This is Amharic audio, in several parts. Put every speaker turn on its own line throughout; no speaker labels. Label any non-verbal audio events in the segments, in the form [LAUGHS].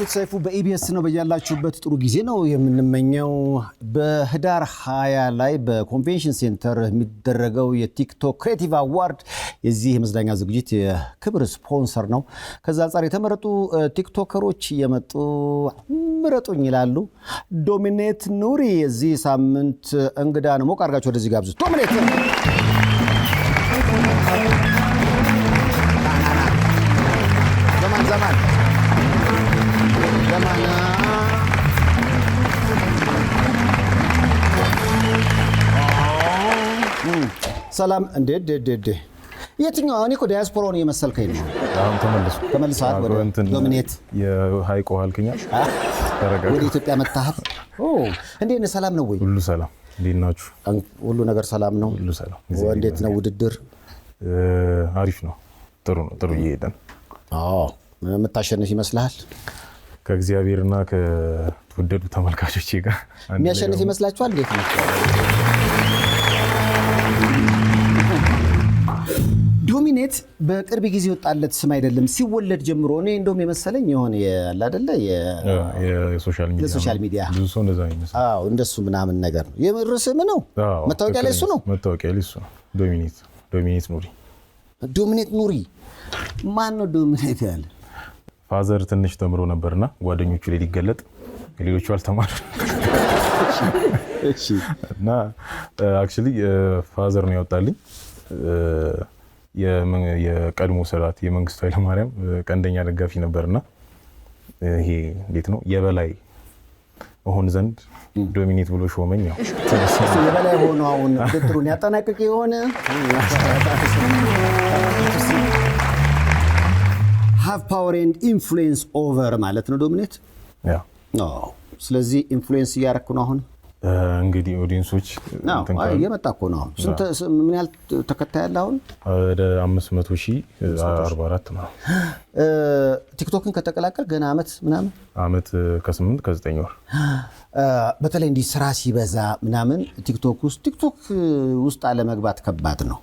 ጋዜጦች ሰይፉ በኢቢኤስ ነው። በያላችሁበት ጥሩ ጊዜ ነው የምንመኘው። በህዳር 20 ላይ በኮንቬንሽን ሴንተር የሚደረገው የቲክቶክ ክሬቲቭ አዋርድ የዚህ የመዝናኛ ዝግጅት የክብር ስፖንሰር ነው። ከዛ አንጻር የተመረጡ ቲክቶከሮች እየመጡ ምረጡኝ ይላሉ። ዶሚኔት ኑሪ የዚህ ሳምንት እንግዳ ነው። ሞቅ አድርጋችሁ ወደዚህ ጋብዙት ዶሚኔት ሰላም እንዴ ዴ የትኛው እኔ እኮ ዲያስፖራውን የመሰልከኝ ነው። አሁን ተመለሱ ተመልሰሃል። ወደ
ዶሚኔት የሀይቆ ሀልክኛ
ወደ ኢትዮጵያ መታሀል። እንዴት ነህ? ሰላም ነው ወይ?
ሁሉ ሰላም። እንዴት ናችሁ?
ሁሉ ነገር ሰላም ነው። ሁሉ ሰላም። እንዴት ነው ውድድር?
አሪፍ ነው። ጥሩ ነው። ጥሩ እየሄደን
የምታሸንፍ ይመስልሃል?
ከእግዚአብሔርና ከተወደዱ ተመልካቾች ጋር
የሚያሸንፍ ይመስላችኋል? እንዴት ነው መሬት በቅርብ ጊዜ ወጣለት ስም አይደለም፣ ሲወለድ ጀምሮ እኔ እንደውም የመሰለኝ የሆነ አለ የሶሻል ሚዲያ እንደሱ ምናምን ነገር ነው። የምር ስም ነው። መታወቂያ ላይ እሱ ነው።
መታወቂያ ላይ እሱ ነው። ዶሚኔት ኑሪ፣
ዶሚኔት ኑሪ። ማን ነው ዶሚኔት ያለ?
ፋዘር ትንሽ ተምሮ ነበርና ጓደኞቹ ላይ ሊገለጥ ሌሎቹ አልተማሩ እና አክቹዋሊ ፋዘር ነው ያወጣልኝ የቀድሞ ስርዓት የመንግስቱ ኃይለማርያም ቀንደኛ ደጋፊ ነበርና ይሄ እንዴት ነው የበላይ እሆን ዘንድ ዶሚኔት ብሎ ሾመኝ። ያው የበላይ ሆኖ አሁን ውድድሩን ያጠናቅቅ የሆነ
ሃቭ ፓወር ኤንድ ኢንፍሉዌንስ ኦቨር ማለት ነው ዶሚኔት። ስለዚህ ኢንፍሉዌንስ እያረኩ ነው አሁን
እንግዲህ ኦዲንሶች
እየመጣ እኮ ነው። ምን ያህል ተከታይ አለ? አሁን
ወደ 544 ነው።
ቲክቶክን ከተቀላቀል ገና አመት ምናምን
አመት ከስምንት ከዘጠኝ ወር
በተለይ እንዲህ ስራ ሲበዛ ምናምን ቲክቶክ ውስጥ ቲክቶክ ውስጥ አለመግባት ከባድ ነው።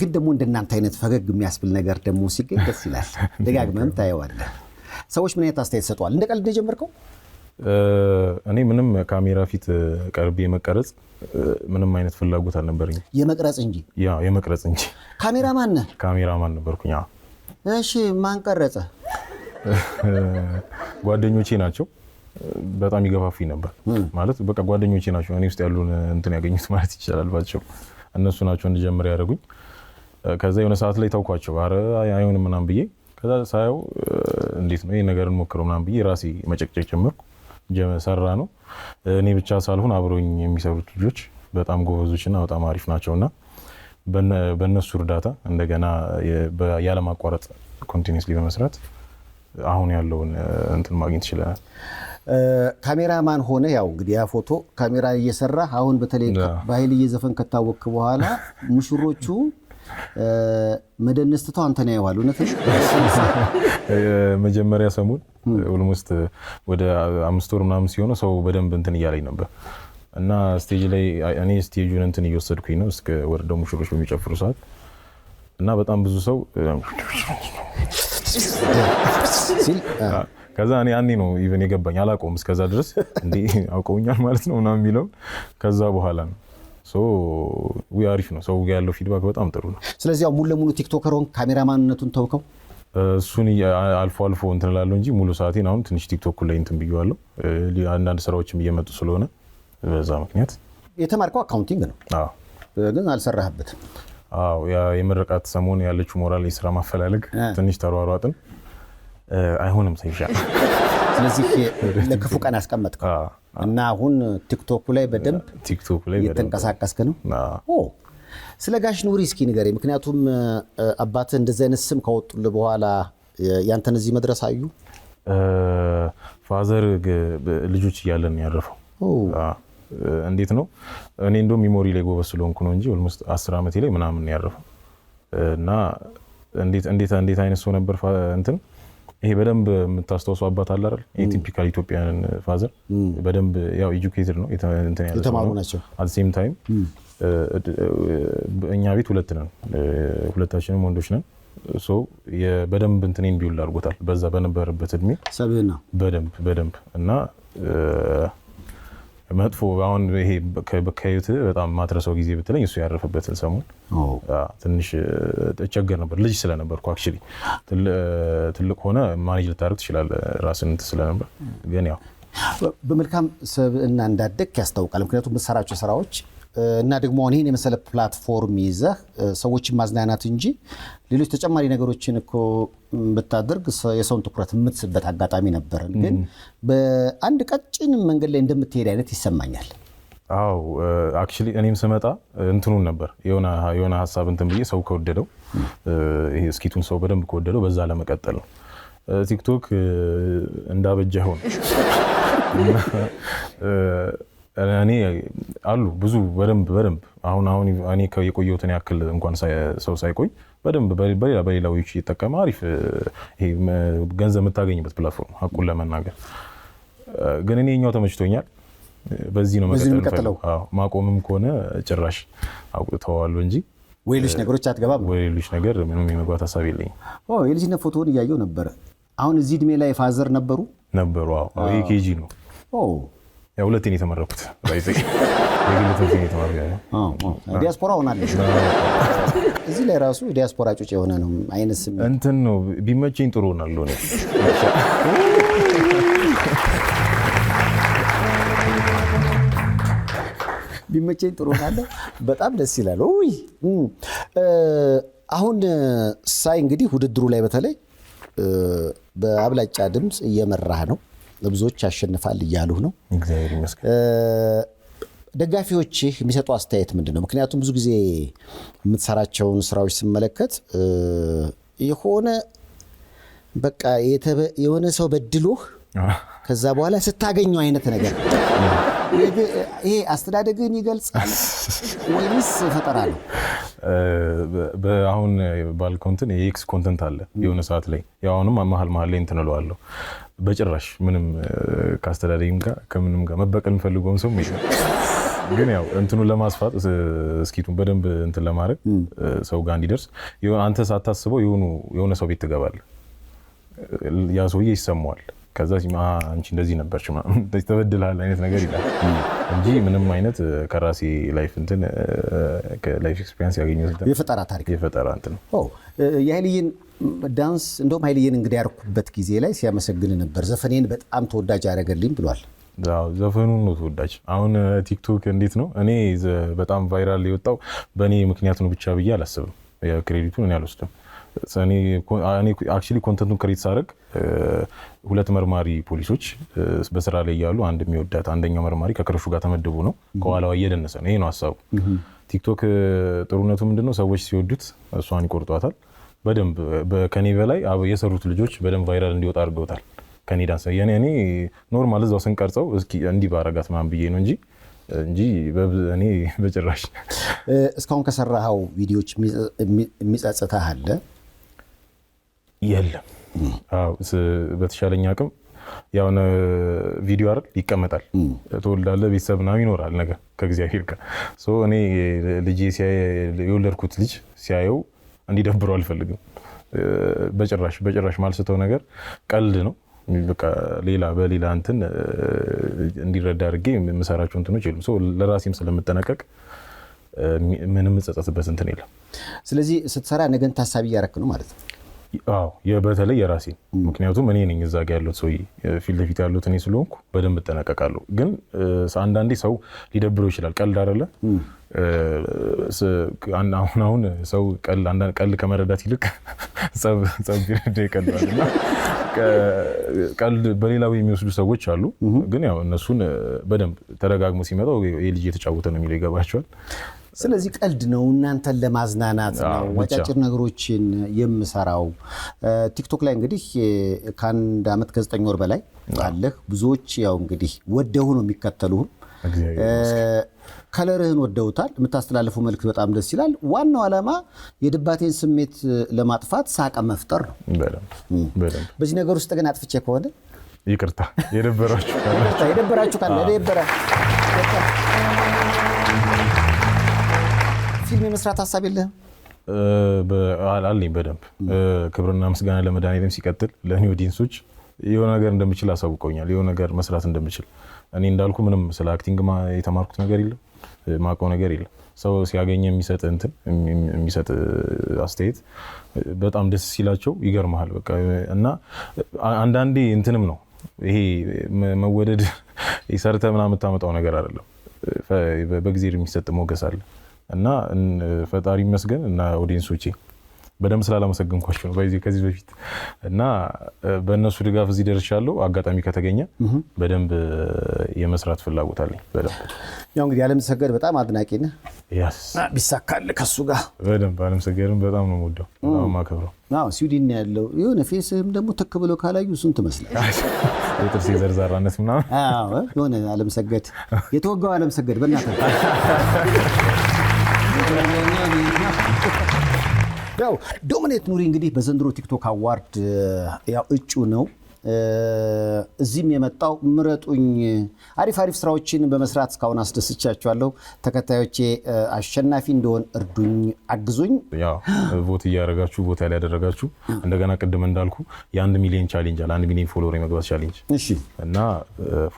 ግን ደግሞ እንደናንተ አይነት ፈገግ የሚያስብል ነገር ደግሞ ሲገኝ ደስ ይላል። [LAUGHS] ደጋግመም ታየዋለህ። ሰዎች ምን አይነት አስተያየት ሰጠዋል? እንደ ቀልድ ነው
እኔ ምንም ካሜራ ፊት ቀርቤ የመቀረጽ ምንም አይነት ፍላጎት አልነበርኝ የመቅረጽ እንጂ ያ የመቅረጽ እንጂ።
ካሜራማን ነህ? ማን ነበርኩኝ። እሺ፣ ማን ቀረጸ?
ጓደኞቼ ናቸው። በጣም ይገፋፉኝ ነበር ማለት በቃ ጓደኞቼ ናቸው። እኔ ውስጥ ያሉን እንትን ያገኙት ማለት ይቻላል ባቸው እነሱ ናቸው እንድጀምር ያደረጉኝ። ከዛ የሆነ ሰዓት ላይ ታውኳቸው፣ አረ አይሆንም ምናምን ብዬ ከዛ ሳየው እንዴት ነው ይህ ነገር እንሞክረው ምናምን ብዬ ራሴ መጨቅጨቅ ጀመርኩ። እየሰራ ነው። እኔ ብቻ ሳልሆን አብሮኝ የሚሰሩት ልጆች በጣም ጎበዞችና በጣም አሪፍ ናቸውና በእነሱ እርዳታ እንደገና ያለማቋረጥ ኮንቲኒስሊ በመስራት አሁን ያለውን እንትን ማግኘት ይችለናል።
ካሜራማን ሆነ ያው እንግዲህ ያ ፎቶ ካሜራ እየሰራ አሁን በተለይ በሀይልዬ ዘፈን ከታወቅክ በኋላ ሙሽሮቹ መደነስ ትቶ አንተን ያየዋል። እውነት
መጀመሪያ ሰሞን ኦልሞስት ወደ አምስት ወር ምናምን ሲሆነ ሰው በደንብ እንትን እያለኝ ነበር እና ስቴጅ ላይ እኔ ስቴጁን እንትን እየወሰድኩኝ ነው እስከ ወርደው ሙሽሮች በሚጨፍሩ ሰዓት እና በጣም ብዙ ሰው ከዛ እኔ ያኔ ነው ኢቨን የገባኝ አላውቀውም። እስከዛ ድረስ እንዴ አውቀውኛል ማለት ነው ምናምን የሚለው ከዛ በኋላ ነው አሪፍ ነው። ሰው ያለው ፊድባክ በጣም ጥሩ ነው።
ስለዚህ ሙሉ ለሙሉ ቲክቶከር ሆንክ፣ ካሜራማንነቱን ተውከው?
እሱን አልፎ አልፎ እንትን እላለሁ እንጂ ሙሉ ሰዓቴን አሁን ትንሽ ቲክቶክ ላይ እንትን ብየዋለሁ። አንዳንድ ስራዎችም እየመጡ ስለሆነ በዛ ምክንያት
የተማርከው አካውንቲንግ ነው ግን አልሰራህበትም።
አዎ የምርቃት ሰሞን ያለችው ሞራል የስራ ማፈላለግ ትንሽ ተሯሯጥን አይሆንም ሰይሻ [LAUGHS]
ስለዚህ [LAUGHS] ለክፉ ቀን አስቀመጥከው እና አሁን ቲክቶኩ ላይ በደንብ እየተንቀሳቀስክ ነው። ስለ ጋሽ ኑሪ እስኪ ንገረኝ። ምክንያቱም አባትህ እንደዚህ አይነት ስም ካወጡልህ በኋላ ያንተን እዚህ መድረስ አዩ
ፋዘር ልጆች እያለን ያረፈው እንዴት ነው? እኔ እንደ ሚሞሪ ላይ ጎበዝ ስለሆንኩ ነው እንጂ ኦልሞስት አስር ዓመቴ ላይ ምናምን ያረፈው እና እንዴት እንዴት አይነት ሰው ነበር እንትን ይሄ በደንብ የምታስታውሰው አባት አለ አይደል? ይሄ ቲፒካል ፋዘር በደንብ ያው ኤጁኬትድ ነው
የተማሩ ናቸው።
አት ሴም ታይም እኛ ቤት ሁለት ነን፣ ሁለታችንም ወንዶች ነን። ሶ በደንብ እንትኔ እንዲውል አድርጎታል። በዛ በነበረበት እድሜ ሰብህና በደንብ በደንብ እና መጥፎ አሁን ይሄ ከዩት በጣም ማትረሰው ጊዜ ብትለኝ እሱ ያረፈበትን ሰሞን ትንሽ እቸገር ነበር። ልጅ ስለነበርኩ አክቹዋሊ ትልቅ ሆነ ማኔጅ ልታደርግ ትችላለህ ራስን ስለነበር፣ ግን ያው
በመልካም ስብዕና እንዳደግ ያስታውቃል። ምክንያቱም የምትሰራቸው ስራዎች እና ደግሞ ይህን የመሰለ ፕላትፎርም ይዘህ ሰዎችን ማዝናናት እንጂ ሌሎች ተጨማሪ ነገሮችን እኮ ብታደርግ የሰውን ትኩረት የምትስበት አጋጣሚ ነበር። ግን በአንድ ቀጭን መንገድ ላይ እንደምትሄድ አይነት ይሰማኛል።
አዎ አክቹዋሊ እኔም ስመጣ እንትኑን ነበር የሆነ ሀሳብ እንትን ብዬ ሰው ከወደደው ይሄ እስኪቱን ሰው በደንብ ከወደደው በዛ ለመቀጠል ነው። ቲክቶክ እንዳበጀ ሆነ [LAUGHS] እኔ አሉ ብዙ በደንብ በደንብ አሁን አሁን እኔ የቆየሁትን ያክል እንኳን ሰው ሳይቆይ በደንብ በሌላ በሌላ ዎች እየጠቀመ አሪፍ ይሄ ገንዘብ የምታገኝበት ፕላትፎርም ሀቁን ለመናገር ግን እኔ እኛው ተመችቶኛል። በዚህ ነው መቀጠል። ማቆምም ከሆነ ጭራሽ አውጥተዋሉ እንጂ
ወይ ሌሎች ነገሮች አትገባም።
ወይ ሌሎች ነገር ምንም የመግባት ሀሳብ የለኝም።
የልጅነት ፎቶን እያየው ነበረ። አሁን እዚህ እድሜ ላይ ፋዘር ነበሩ
ነበሩ። ይሄ ኬጂ ነው ሁለቴን የተመረኩት
ዲያስፖራ ሆናለሽ። እዚህ ላይ ራሱ ዲያስፖራ ጩጭ የሆነ ነው አይነት ስሜት
እንትን ነው። ቢመቸኝ ጥሩ ሆናለሁ።
ቢመቸኝ ጥሩ ሆናለሁ። በጣም ደስ ይላል። ውይ አሁን ሳይ እንግዲህ ውድድሩ ላይ በተለይ በአብላጫ ድምፅ እየመራህ ነው ለብዙዎች ያሸንፋል እያሉ ነው። ደጋፊዎች የሚሰጡ አስተያየት ምንድን ነው? ምክንያቱም ብዙ ጊዜ የምትሰራቸውን ስራዎች ስመለከት የሆነ በቃ የሆነ ሰው በድሎህ ከዛ በኋላ ስታገኘው አይነት ነገር ይሄ አስተዳደግን ይገልጻል ወይስ ፈጠራ ነው?
አሁን ባልኮንትን የኤክስ ኮንተንት አለ የሆነ ሰዓት ላይ አሁንም መሀል መሀል ላይ እንትን እለዋለሁ። በጭራሽ ምንም ከአስተዳደጊም ጋር ከምንም ጋር መበቀል የሚፈልገውም ሰው ግን ያው እንትኑ ለማስፋት እስኪቱን በደንብ እንትን ለማድረግ ሰው ጋር እንዲደርስ አንተ ሳታስበው የሆነ ሰው ቤት ትገባለህ። ያ ሰውዬ ይሰማዋል ከዛ ሲማ አንቺ እንደዚህ ነበርሽ [LAUGHS] እንደዚህ ተበድልሃል አይነት ነገር ይላል እንጂ ምንም አይነት ከራሴ ላይፍ እንትን ከላይፍ ኤክስፒሪያንስ ያገኘሁት የፈጠራ ታሪክ የፈጠራ እንትን
ነው። የሀይልዬን ዳንስ እንደውም ሀይልዬን እንግዲህ ያርኩበት ጊዜ ላይ ሲያመሰግን ነበር። ዘፈኔን በጣም ተወዳጅ ያደረገልኝ ብሏል።
ዘፈኑ ነው ተወዳጅ። አሁን ቲክቶክ እንዴት ነው እኔ በጣም ቫይራል የወጣው በእኔ ምክንያት ነው ብቻ ብዬ አላስብም። ክሬዲቱን እኔ አልወስድም። አክቹዋሊ ኮንተንቱን ክሬት ሳደርግ ሁለት መርማሪ ፖሊሶች በስራ ላይ እያሉ አንድ የሚወዳት አንደኛው መርማሪ ከክረሹ ጋር ተመድቡ ነው። ከኋላዋ እየደነሰ ነው። ይሄ ነው ሀሳቡ። ቲክቶክ ጥሩነቱ ምንድነው? ሰዎች ሲወዱት እሷን ይቆርጧታል። በደንብ ከኔ በላይ የሰሩት ልጆች በደንብ ቫይራል እንዲወጣ አድርገውታል። ከኔ ዳንስ የኔ እኔ ኖርማል እዛው ስንቀርጸው እስኪ እንዲህ ባረጋት ምናምን ብዬ ነው እንጂ እንጂ እኔ በጭራሽ።
እስካሁን ከሰራኸው ቪዲዮዎች የሚጸጽተህ አለ?
የለም። በተሻለኝ አቅም ያሁን ቪዲዮ አይደል ይቀመጣል፣ ትወልዳለህ፣ ቤተሰብ ምናምን ይኖራል ነገር ከእግዚአብሔር ጋር እኔ ልጄ የወለድኩት ልጅ ሲያየው እንዲደብረው አልፈልግም። በጭራሽ በጭራሽ ማልስተው ነገር ቀልድ ነው። በቃ ሌላ በሌላ እንትን እንዲረዳ አድርጌ የምሰራቸው እንትኖች የሉም። ለራሴም ስለምጠነቀቅ ምንም ጸጸትበት እንትን የለም።
ስለዚህ ስትሰራ ነገን ታሳቢ እያረክ ነው ማለት ነው።
አዎ በተለይ የራሴ ምክንያቱም እኔ ነኝ እዛ ጋ ያሉት ሰው ፊት ለፊት ያሉት እኔ ስለሆንኩ በደንብ እጠነቀቃለሁ። ግን አንዳንዴ ሰው ሊደብረው ይችላል። ቀልድ አይደለ አሁን አሁን ሰው ቀልድ ከመረዳት ይልቅ [LAUGHS] ጸብ ቢረዳ ይቀላል እና ቀልድ በሌላው የሚወስዱ ሰዎች አሉ። ግን ያው እነሱን በደንብ ተደጋግሞ ሲመጣው ልጅ የተጫወተ ነው የሚለው ይገባቸዋል።
ስለዚህ ቀልድ ነው፣ እናንተን ለማዝናናት ነው አጫጭር ነገሮችን የምሰራው። ቲክቶክ ላይ እንግዲህ ከአንድ ዓመት ከዘጠኝ ወር በላይ አለህ። ብዙዎች ያው እንግዲህ ወደው ነው የሚከተሉህም ከለርህን ወደውታል። የምታስተላልፈው መልክት በጣም ደስ ይላል። ዋናው ዓላማ የድባቴን ስሜት ለማጥፋት ሳቀ መፍጠር ነው። በዚህ ነገር ውስጥ ግን አጥፍቼ ከሆነ
ይቅርታ። የደበራችሁ ካለ የደበራችሁ ካለ
ፊልም የመስራት ሀሳብ የለህም?
አለኝ በደንብ ክብርና ምስጋና ለመድኃኒዓለም። ሲቀጥል ለእኔ ዲንሶች የሆነ ነገር እንደምችል አሳውቀውኛል። የሆነ ነገር መስራት እንደምችል እኔ እንዳልኩ ምንም ስለ አክቲንግ የተማርኩት ነገር የለም፣ ማውቀው ነገር የለም። ሰው ሲያገኘ የሚሰጥ እንትን የሚሰጥ አስተያየት በጣም ደስ ሲላቸው ይገርመሃል። በቃ እና አንዳንዴ እንትንም ነው ይሄ መወደድ ሰርተ ምናምን የምታመጣው ነገር አይደለም። በጊዜ የሚሰጥ ሞገስ አለ። እና ፈጣሪ ይመስገን እና ኦዲየንሶቼ በደንብ ስላላመሰገንኳቸው ነው ባይዚ ከዚህ በፊት እና በእነሱ ድጋፍ እዚህ ደርሻለሁ። አጋጣሚ ከተገኘ በደንብ የመስራት ፍላጎት አለኝ። በደንብ
ያው እንግዲህ አለምሰገድ በጣም አድናቂ ነህ። ቢሳካል ከሱ ጋር
በደንብ አለምሰገድም በጣም ነው የምወደው ማከብረው።
ስዊድን ያለው የሆነ ፌስህም ደግሞ ተክ ብሎ ካላዩ እሱን ትመስላል
የጥርስ የዘርዛራነት
ምናምን የሆነ አለምሰገድ የተወጋው አለምሰገድ በእናትህ ያው ዶሚኔት ኑሪ እንግዲህ በዘንድሮ ቲክቶክ አዋርድ ያው እጩ ነው። እዚህም የመጣው ምረጡኝ አሪፍ አሪፍ ስራዎችን በመስራት እስካሁን አስደስቻቸዋለሁ። ተከታዮቼ አሸናፊ እንደሆን እርዱኝ፣ አግዙኝ።
ቮት እያደረጋችሁ ቦታ ላይ ያደረጋችሁ እንደገና ቅድም እንዳልኩ የአንድ ሚሊዮን ቻሌንጅ አለ። አንድ ሚሊዮን ፎሎወር የመግባት ቻሌንጅ እና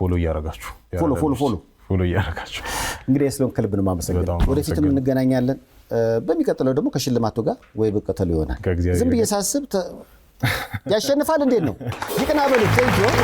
ፎሎ እያደረጋችሁ ፎሎ ፎሎ ፎሎ ፎሎ እያደረጋችሁ
እንግዲህ የስለም ከልብ ነው የማመሰግነው። ወደፊትም እንገናኛለን። በሚቀጥለው ደግሞ ከሽልማቱ ጋር ወይ ብቀተሉ ይሆናል። ዝም ብዬ ሳስብ ያሸንፋል። እንዴት ነው ይቅና በሉ ቴንኪዮ